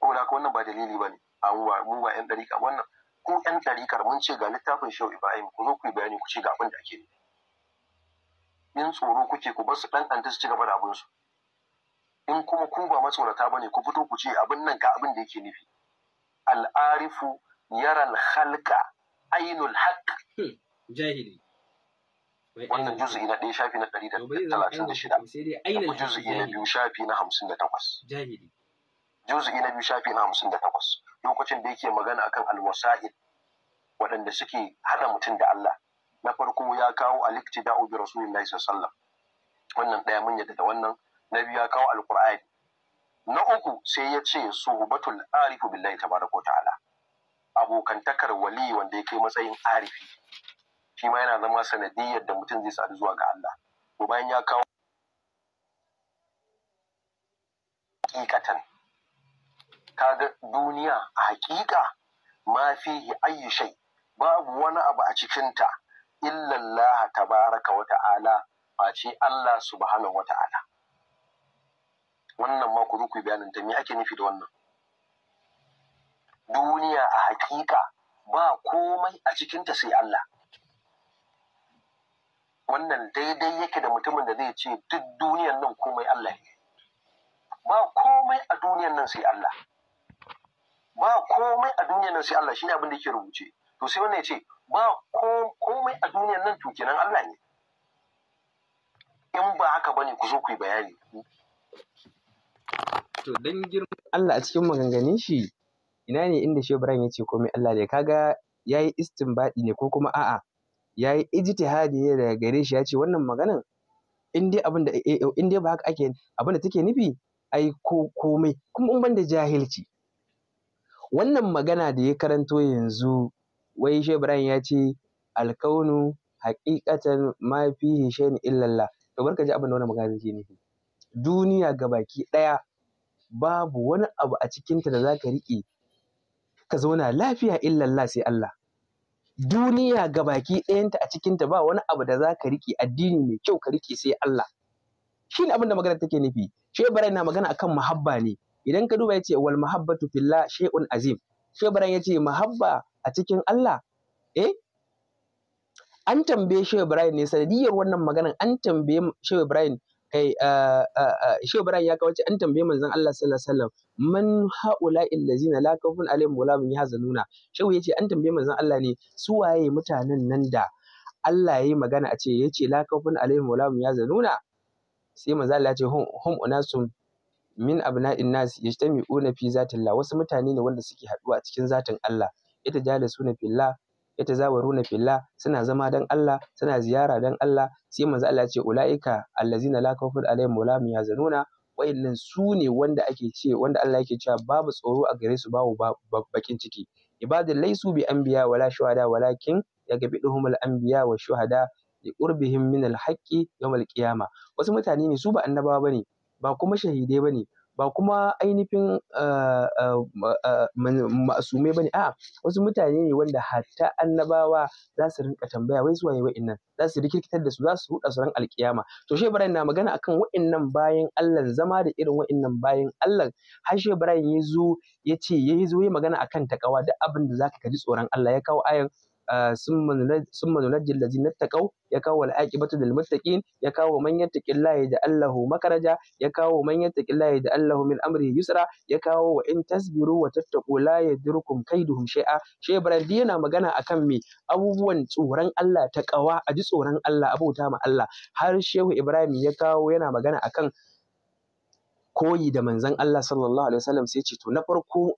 da haka wannan ba dalili ba ne a mu ba 'yan ɗariƙa wannan ku ɗan ɗarikar mun ce ga littafin shehu ibrahim ku zo ku yi bayani ku ce ga abin da ake nufi in tsoro kuke ku bar su ɗan su ci gaba da abin su in kuma ku ba matsorata bane ku fito ku ce abin nan ga abin da yake nufi al'arifu yaran halka ainul haq hmm, jahili wannan juzu'i na ɗaya shafi na ɗari da talatin da shida da juzu'i na biyu shafi na hamsin da takwas jahili juzu na biyu shafi na hamsin da takwas lokacin da yake magana akan alwasa'il waɗanda suke hada mutum da Allah na farko ya kawo aliktida'u bi rasulillahi sallam wannan ɗaya mun yadda da wannan na biyu ya kawo Alƙur'ani. na uku sai ya ce su suhubatul arifu billahi tabaraka ko ta'ala abokantakar wali wanda ya kai matsayin arifi shi ma yana zama sanadiyar da mutum zai sadu zuwa ga Allah to bayan ya kawo hakikatan kaga duniya a hakika ma fihi ayyu shay babu wani abu a cikinta illallah tabaraka wa ta'ala face Allah subhanahu wa ta'ala wannan ma ku zo ku yi bayanin ta me ake nufi da wannan duniya a hakika ba komai a cikinta sai Allah wannan daidai yake da mutumin da zai ce duk duniyan nan komai Allah ne ba komai a duniyan nan sai Allah ba komai a duniyar nan sai Allah shi ne abin da yake rubuce to sai wannan ya ce ba komai a duniyar nan to kenan Allah ne in ba haka bane ku zo ku yi bayani to dan girman Allah a cikin maganganun shi ina ne inda shi Ibrahim ya ce komai Allah ne kaga yayi istinbadi ne ko kuma a'a yayi ijtihadi ne daga gare shi ya ce wannan maganan in dai abin da eh, eh, in dai ba haka ake abin da take nufi ai ko komai kuma in ban da jahilci wannan magana da ya karanto yanzu wai shi Ibrahim ya ce alkaunu haƙiƙatan ma fihi shay'in illallah to barka ji abin da wannan magana take nufi duniya gabaki ɗaya babu wani abu a cikinta da za ka riƙe ka zauna lafiya illallah sai Allah duniya ga gabaki ɗayanta a cikinta ba wani abu da za ka riƙe addini mai kyau ka riƙe sai Allah shi ne abin da magana take nufi shi Ibrahim na magana akan muhabba ne idan ka duba yace wal mahabbatu fillah shay'un azim ibrahim yace mahabba a cikin Allah eh an tambaye shi Ibrahim ne sanadiyar wannan magana an tambaye shi Ibrahim kai eh, eh, eh, shi Ibrahim ya kawace an tambaye manzon Allah sallallahu alaihi wasallam man haula illazina la kafun alaihim wala hum yahzanuna shehu yace an tambaye manzon Allah ne su waye mutanen nan da Allah yayi magana a ce yace la kafun alaihim wala hum nuna? sai manzon Allah ya ce hum unasum min abna'in nas yajtami'una fi zatillah wasu mutane ne wanda suke haɗuwa a cikin zatin Allah yatajalasuna fillah yatazawaruna fillah suna zama dan Allah suna ziyara dan Allah sai manzo Allah ya ce ulaika allazina la khawfun alaihim wa lahum yahzanuna wayannan su ne wanda ake ce wanda Allah yake cewa babu tsoro a gare su babu bakin ciki ibadin laisu bi anbiya wala shuhada walakin yagbiduhumul anbiya wa shuhada li qurbihim min al-haqqi yawm al qiyamah wasu mutane ne su ba annabawa bane ba kuma shahidai ba ne ba kuma ainihin eh, eh, eh, ma'asumai ba ne a'a wasu mutane ne wanda hatta annabawa za su rinka tambaya wai suwaye nan. za su rikirkitar da su za su huda su ran alkiyama to shi Ibrahim na magana akan nan bayan Allah zama da irin nan bayan Allah har shi Ibrahim ya zo ya ce ya zo ya magana akan takawa duk abin da zaka ka ji tsoron Allah ya kawo ayan summa nunajjil ta taqaw ya kawo wal aqibatu da muttaqin ya kawo man layi da Allahu makaraja ya kawo man layi da Allahu min amri yusra ya kawo wa in tasbiru wa tattaqu la kai kaiduhum shay'a shi Ibrahim yana magana akan me abubuwan tsoron Allah ta kawa a ji tsoron Allah abota ma Allah har Shehu Ibrahim ya kawo yana magana akan koyi da manzon Allah sallallahu alaihi wasallam sai ce to na farko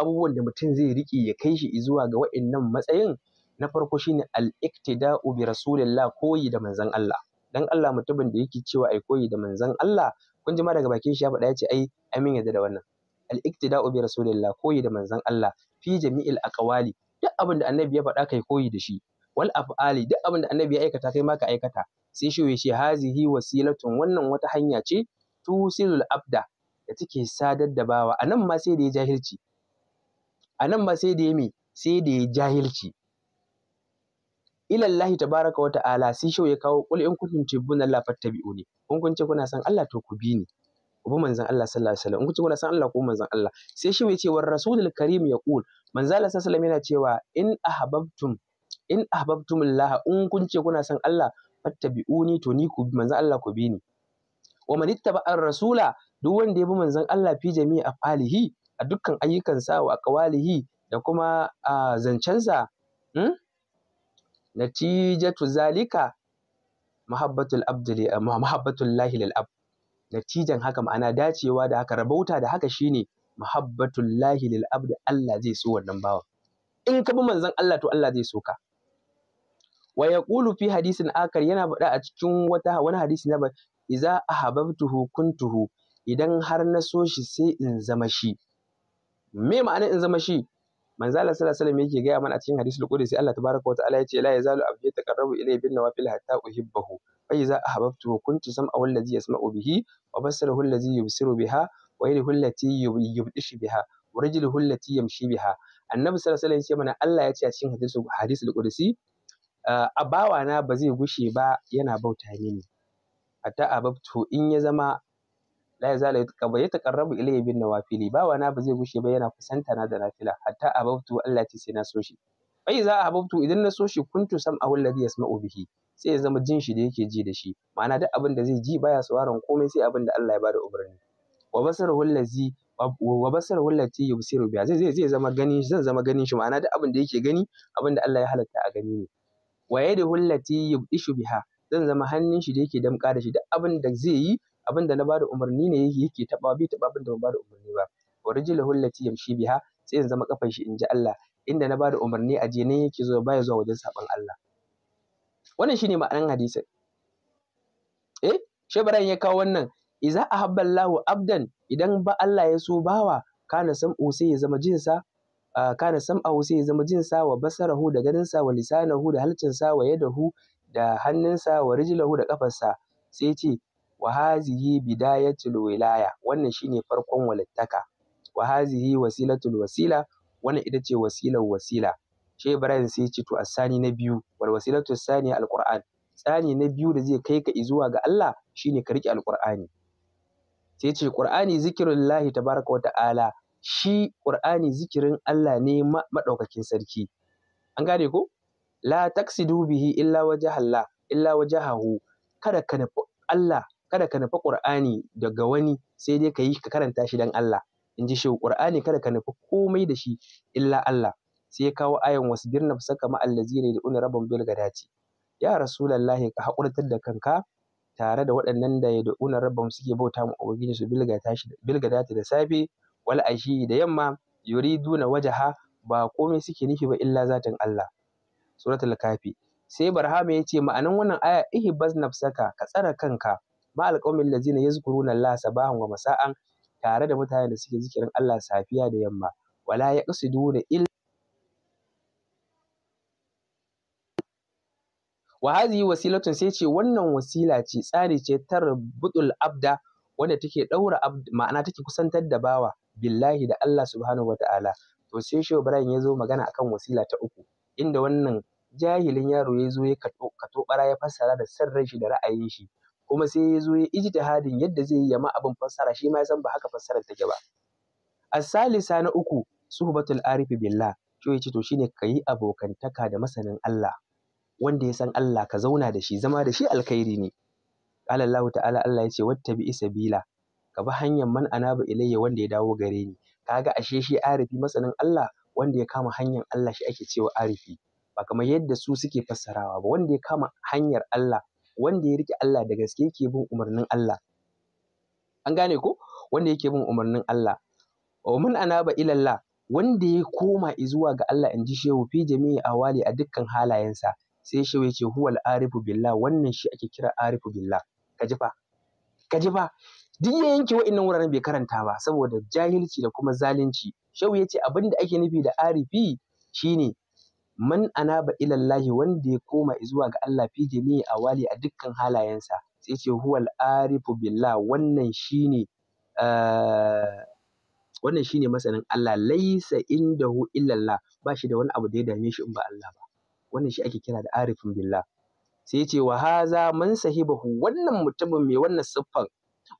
abubuwan da mutum zai riƙe ya kai shi zuwa ga wa'innan matsayin na farko shine al-iktida'u bi rasulillah koyi da manzon Allah dan Allah mutumin da yake cewa ai koyi da manzon Allah kun ji ma daga bakin shi ya faɗa ya ce ai amin yadda da wannan al-iktida'u bi rasulillah koyi da manzon Allah fi jami'il aqwali duk abin da annabi ya faɗa kai koyi da shi wal af'ali duk abin da annabi ya aikata kai ma ka aikata sai shi ya ce hazihi wasilatun wannan wata hanya ce tusilul abda da take sadar da bawa anan ma sai da ya jahilci anan ma sai da ya me sai da ya jahilci ilallahi tabaraka wa ta'ala sai shau ya kawo qul in kuntum tuhibbuna Allah fattabi'uni in kun ce kuna son Allah to ku bi ni ubu bi manzon Allah sallallahu alaihi wasallam in kun ce kuna son Allah ku manzon Allah sai shi ya ce war rasulul karim ya qul manzon Allah sallallahu alaihi wasallam yana cewa in ahbabtum in Allah in kun ce kuna son Allah fattabi'uni to ni ku bi manzon Allah ku bi ni wa man ar rasula duk wanda ya bi manzon Allah fi jami'i afalihi a dukkan ayyukansa wa aqwalihi da kuma ah, zancensa hmm? natijatu zalika mahabbatul abdi mahabbatul lahi lil abd natijan haka ma'ana dacewa da haka rabauta da haka shine mahabbatul lahi lil abd Allah zai so wannan bawa. in ka bi manzon Allah to Allah zai so ka wa yaqulu fi hadisin akar yana bada a cikin wata wani hadisi na iza ahabbtuhu kuntuhu idan har na so shi sai in zama shi me ma'ana in zama shi manzo Allah sallallahu alaihi wasallam yake gaya mana a cikin hadisul qudsi Allah tabaraka wa ta'ala yace la yazalu abdi taqarrabu ilayhi bin nawafil hatta uhibbahu fa iza ahbabtuhu kunti sam'a wallazi yasma'u bihi wa basarahu allazi yubsiru biha wa yadihi allati yubdishu biha wa rajuluhu allati yamshi biha annabi sallallahu alaihi wasallam yace mana Allah yace a cikin hadisul hadisul qudsi ah, a bawana ba zai gushe ba yana bauta mini hatta ababtu in ya zama la yazalu yataqarrabu ilayya bin nawafili bawa na ba zai gushe ba yana kusanta na da nafila hatta ababtu Allah ce sai na so shi fa iza ahbabtu idan na so shi kuntu sam'ahu alladhi yasma'u bihi sai ya zama jin shi da yake ji da shi ma'ana duk abin da zai ji baya sauraron komai sai abin da Allah ya bada umarni wa basaru allazi wa basar allati yubsiru biha zai zai zama gani zan zama ganin shi ma'ana duk abin da yake gani abin da Allah ya halatta a gani ne wa yadihu allati yubishu biha zan zama hannun shi da yake damƙa da shi duk abin da zai yi abin da na bada umarni ne yake taɓawa bai taɓa abin da ban bada umarni ba wa rijluhu allati yamshi biha sai in zama kafan shi in ji Allah inda na bada umarni a je nan yake zuwa baya zuwa wajen saban Allah wannan shine ma'anar hadisin eh shebran ya kawo wannan iza ahabballahu abdan idan ba Allah ya so bawa kana sam'u sai ya zama jinsa kana sam'ahu sai ya zama jinsa wa basarahu da ganinsa wa lisanahu da halcinsa wa yadahu da hannunsa wa rijlahu da kafarsa sai ce wa bidayatul wilaya wannan shine farkon walittaka wa hazihi wasilatul wasila wannan ita ce wasilar wasila shi ibrahim sai ce to asani na biyu wal wasilatu sani alquran tsani na biyu da zai kai ka zuwa ga Allah shine ka riƙe alqur'ani sai ce qur'ani zikirullahi tabaraka wa ta'ala shi qur'ani zikirin Allah ne madaukakin sarki an gane ko la taksidu bihi illa wajhallah illa wajhahu kada ka nufi Allah kada ka nufi Qur'ani daga wani sai dai ka yi ka karanta shi dan Allah in ji shehu Qur'ani kada ka nufi komai da shi illa Allah sai ya kawo ayan wasbir nafsaka ma allazina yad'una rabbahum bil gadati ya rasulullahi ka haƙurtar da kanka tare da waɗannan da yad'una rabbahum suke bauta mu ubangiji su bilgadati da safe wal ashi da yamma yuriduna wajaha ba komai suke nufi ba illa zatin Allah suratul kafi sai barhama ya ce ma'anan wannan aya ihbaz nafsaka ka tsara kanka ma alqaumin lazina yazkuruna Allah sabahan wa masa'an tare da mutanen da suke zikirin Allah safiya da yamma wala yaqsiduna illa wa hadhihi wasilatun sai ce wannan wasila ce tsari ce tarbutul abda wanda take daura ma'ana take kusantar da bawa billahi da Allah subhanahu wata'ala to sai Shehu Ibrahim ya zo magana akan wasila ta uku inda wannan jahilin yaro ya zo ya kato bara ya fassara da san shi da ra'ayin shi kuma sai ya zo ya ijtihadin yadda zai yi ma abin fassara shi ma ya san ba haka fassarar take ba asalisa na uku suhbatul arifi billah to yace to shine kayi abokantaka da masanin Allah wanda ya san Allah ka zauna da shi zama da shi alkhairi ne qala Allah ta'ala Allah yace wattabi sabila ka bi hanyar man anaba ilayya wanda ya dawo gare ni kaga ashe shi arifi masanin Allah wanda ya kama hanyar Allah shi ake cewa arifi ba kamar yadda su suke fassarawa ba wanda ya kama hanyar Allah wanda ya riƙe Allah da gaske yake bin umarnin Allah an gane ko wanda yake bin umarnin Allah wa man anaba ilalla. wanda ya koma zuwa ga Allah in ji shehu fi jami'i awali a dukkan halayensa sai shehu huwal arifu billah wannan shi ake kira arifu billah ji fa ka ji fa duk ya yanke wa'innan wuraren bai karanta ba saboda jahilci da kuma zalunci shehu ya ce abin da ake nufi da arifi shine man anaba ilallahi wanda ya koma izuwa ga Allah fi jami'i wali a dukkan halayensa sai ce huwal arifu billah wannan shine eh, wannan shine masanin Allah laisa indahu illallah ba shi da wani abu da ya dame shi in ba Allah ba wannan shi ake kira da arifin billah sai ce wa haza man sahibahu wannan mutumin mai wannan siffan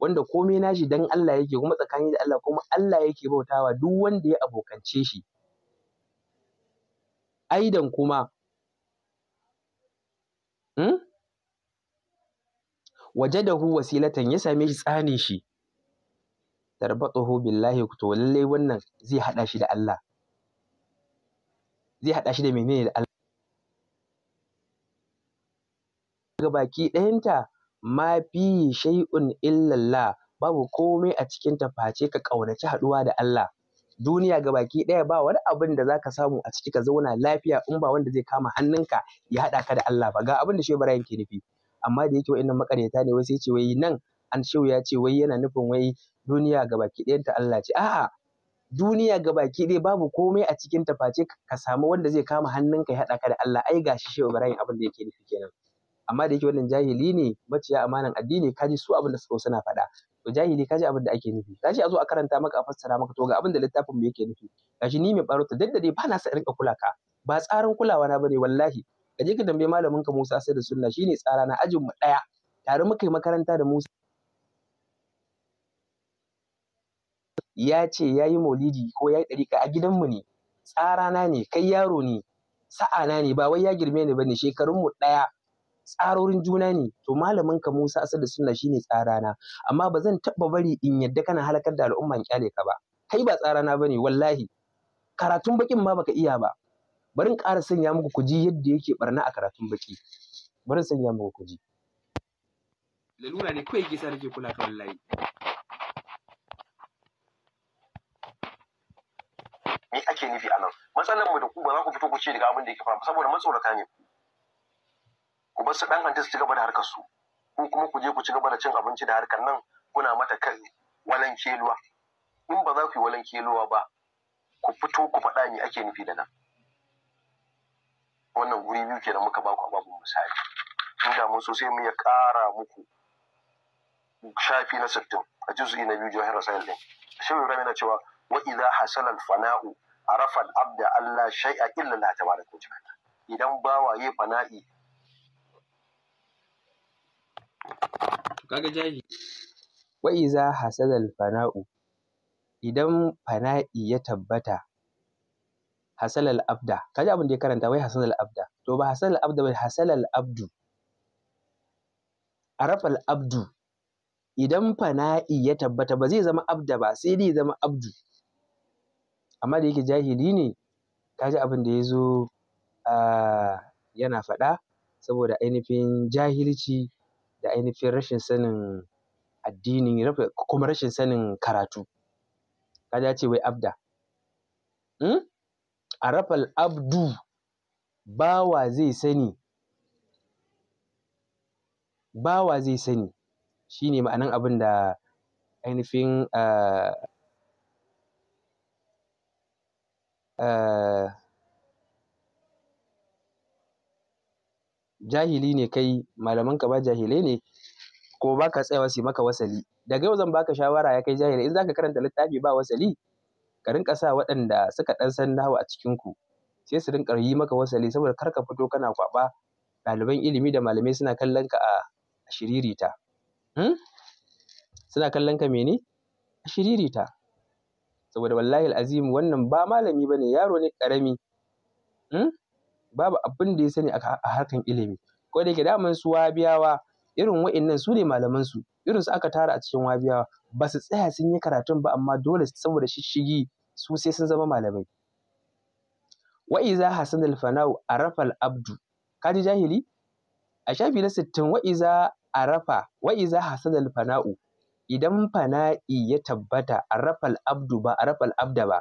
wanda komai nashi dan Allah yake kuma tsakani da Allah kuma Allah yake bautawa duk wanda ya abokance shi aidan kuma hmm? wajadahu wasilatan ya same shi tsanin shi tarbatuhu billahi to lalle wannan zai hada shi da Allah zai hada shi da menene da Allah ga baki ɗayanta ma fi shay'un illallah babu komai a cikin ta face ka ƙaunaci haɗuwa da Allah duniya ga baki ɗaya ba wani abin da za ka samu a ciki ka zauna lafiya in ba wanda zai kama hannunka ya haɗa ka da Allah ba ga abin da shi Ibrahim ke nufi amma da yake wa'annan makaryata ne wai sai ce wai nan an Shehu ya ce wai yana nufin wai duniya ga baki ɗayan ta Allah ce a'a duniya ga baki ɗaya babu komai a cikin ta face ka samu wanda zai kama hannunka ya haɗa ka da Allah ai gashi shi Ibrahim abin da yake nufi kenan amma da yake wannan jahili ne maciya amanan addini kaji su abin da suka suna faɗa to jahili ka ji abin da ake nufi ka a zo a karanta maka a fassara maka to ga abin da littafin mu yake nufi gashi ni mai barota duk dai ba na sa rinka kula ka ba tsarin kulawa na bane wallahi ka ka tambaye malamin ka Musa sai da sunna shine tsara na ajin mu daya tare muka yi makaranta da Musa ya ce ya yi maulidi ko ya yi dariƙa a gidanmu ne tsarana ne kai yaro ne sa'ana ne ba wai ya girme ni bane shekarunmu ɗaya tsarorin juna ne to malamin ka Musa da Sunna shine tsarana amma ba zan taba bari in yadda kana halakar da al'umma in kyale ka ba kai ba tsarana bane wallahi karatun bakin ma baka iya ba bari in ƙara sanya muku kuji yadda yake barna a karatun baki bari in sanya muku kuji lalura ne kai ke sa nake kula ka wallahi me ake nufi a nan matsalar mu da ku ba za ku fito ku ce daga abin da yake faru saboda matsorata ne ku bar su dan su ci gaba da harkar su ko kuma ku je ku ci gaba da cin abinci da harkar nan kuna mata kan walan keluwa in ba za ku yi walan keluwa ba ku fito ku faɗa ni ake nufi da nan wannan guri biyu kenan muka ba ku babu misali in da mun sosai mu ya ƙara muku shafi na sittin a juz'i na biyu jihar rasail din shi mai ramina cewa wa idza hasala al fana'u arafa al abda alla shay'a illa allah tabaraka wa ta'ala idan bawa waye fana'i kaga jahi wa iza hasadal fana'u idan fana'i ya tabbata hasalal abda kaji abin da ya karanta wai hasalal abda to ba hasalal abda ba hasalal abdu arafal abdu idan fana'i ya tabbata ba zai zama abda ba sai dai zama abdu amma da yake jahili ne kaji abin da ya zo ah, yana faɗa saboda ainihin jahilci da ainihin rashin sanin addini kuma rashin sanin karatu kaji ya ce wai abda hmm? arafal abdu bawa zai sani bawa zai sani shine ma'anan abin da ainihin uh, uh, jahili ne kai malaman ka ba jahilai ne ko ba ka tsayawa su maka wasali daga yau zan baka shawara ya kai jahili in zaka karanta littafi ba wasali ka rinka sa waɗanda suka ɗan san nawa a cikin ku sai su rinka yi maka wasali saboda kar ka fito kana kwaɓa ɗaliban ilimi da malamai suna kallon ka a shiririta hmm? suna kallon ka mene a shiririta saboda wallahi al'azim wannan ba malami bane yaro ne ƙarami hmm? babu abin da ya sani a harkan ilimi ko da yake daman su wabiyawa. irin wa'annan su ne malaman su irin su aka tara a cikin wabiyawa. ba su tsaya sun yi karatun ba amma dole saboda shigi su sai sun zama malamai wa iza hasan al-fana'u arafa al-abdu kaji jahili a shafi na 60 wa iza arafa wa iza hasan al-fana'u idan fana'i ya tabbata arafa al-abdu ba arafa al-abda ba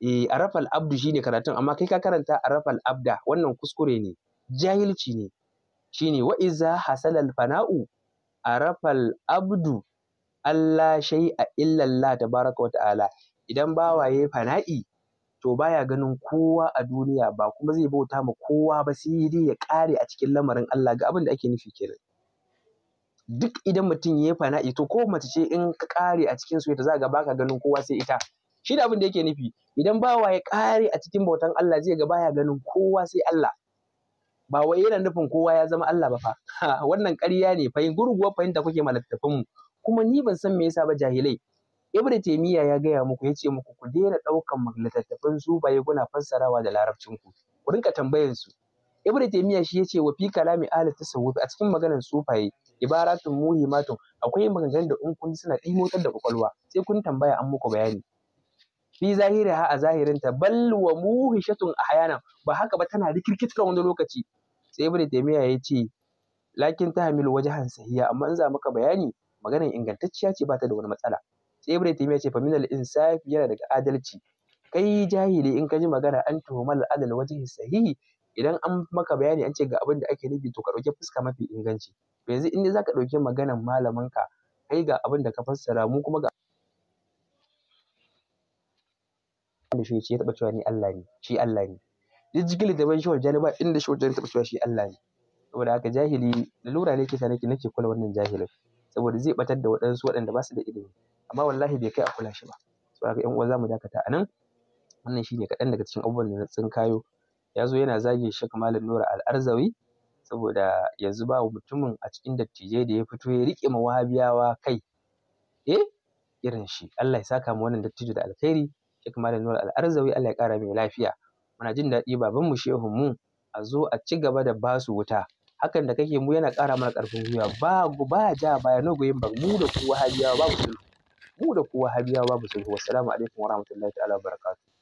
eh arafal abdu shine karatun amma kai ka karanta arafal abda wannan kuskure ne jahilci ne shine wa iza hasalal fana'u arafal abdu Allah shai a ta tabaraka wa ta'ala idan bawaye fana'i to baya ganin kowa a duniya ba kuma zai bauta ma kowa ba sai dai ya kare a cikin lamarin Allah ga abin da ake nufi kenan duk idan mutum ya fana'i to ko mace ce in ka kare a cikin soyayya za ga baka ganin kowa sai ita shi da abin da yake nufi idan bawa ya ƙare a cikin bautan Allah zai ga baya ganin kowa sai Allah ba wai yana nufin kowa ya zama Allah ba fa wannan ƙarya ne fahim gurguwar fahimta kuke malattafin mu kuma ni ban san me yasa ba jahilai Ibn Taymiyyah ya gaya muku ya ce muku ku daina ɗaukan littattafan zubaye kuna fassarawa da larabcin ku ku rinka tambayan su Ibn Taymiyyah shi ya ce wa fi kalami ahli tasawuf a cikin maganar sufaye ibaratun muhimatun akwai maganganun da in kun suna ɗimotar da kwakwalwa sai kun tambaya an muku bayani fi ha a zahirin zahirinta bal wa muhishatun ahyana ba haka ba tana rikirkitar wani lokaci sai ibnu taymiya ya ce lakin ta Hamilu wajahan sahiya amma in za maka bayani maganar ingantacciya ce bata ta da wani matsala sai ibnu taymiya ce fa min al-insaf yana daga adalci kai jahili in ka ji magana an tuhumal adal wajhi sahihi idan an maka bayani an ce ga abin da ake nufi to ka dauki fuska mafi inganci yanzu in ne zaka ɗauki maganar malamin ka kai ga abin da ka fassara mu kuma ga da shi ya taɓa cewa ni Allah ne shi Allah ne duk da ban shehu jani ba inda shehu jani taɓa cewa shi Allah ne saboda haka jahili lura ne ke sa nake kula wannan jahilin saboda zai batar da waɗansu waɗanda ba su da ilimi amma wallahi bai kai a kula shi ba saboda haka ƴan uwa zamu dakata a nan wannan shine kaɗan daga cikin abubuwan da na tsinkayo ya zo yana zagin shek malam nura al'arzawi saboda yanzu ba mutumin a cikin dattijai da ya fito ya rike ma wahabiyawa kai eh irin shi Allah ya saka mu wannan dattijo da alkhairi Sheikh Malam Nura al Allah ya ƙara mai lafiya muna jin daɗi babanmu shehun mu a zo a ci gaba da basu wuta hakan da kake mu yana ƙara mana ƙarfin gwiwa ba ba ja baya no goyin ba mu da ku wahabiyawa babu sulhu mu da ku wahabiyawa babu sulhu wassalamu alaikum warahmatullahi ta'ala wabarakatuh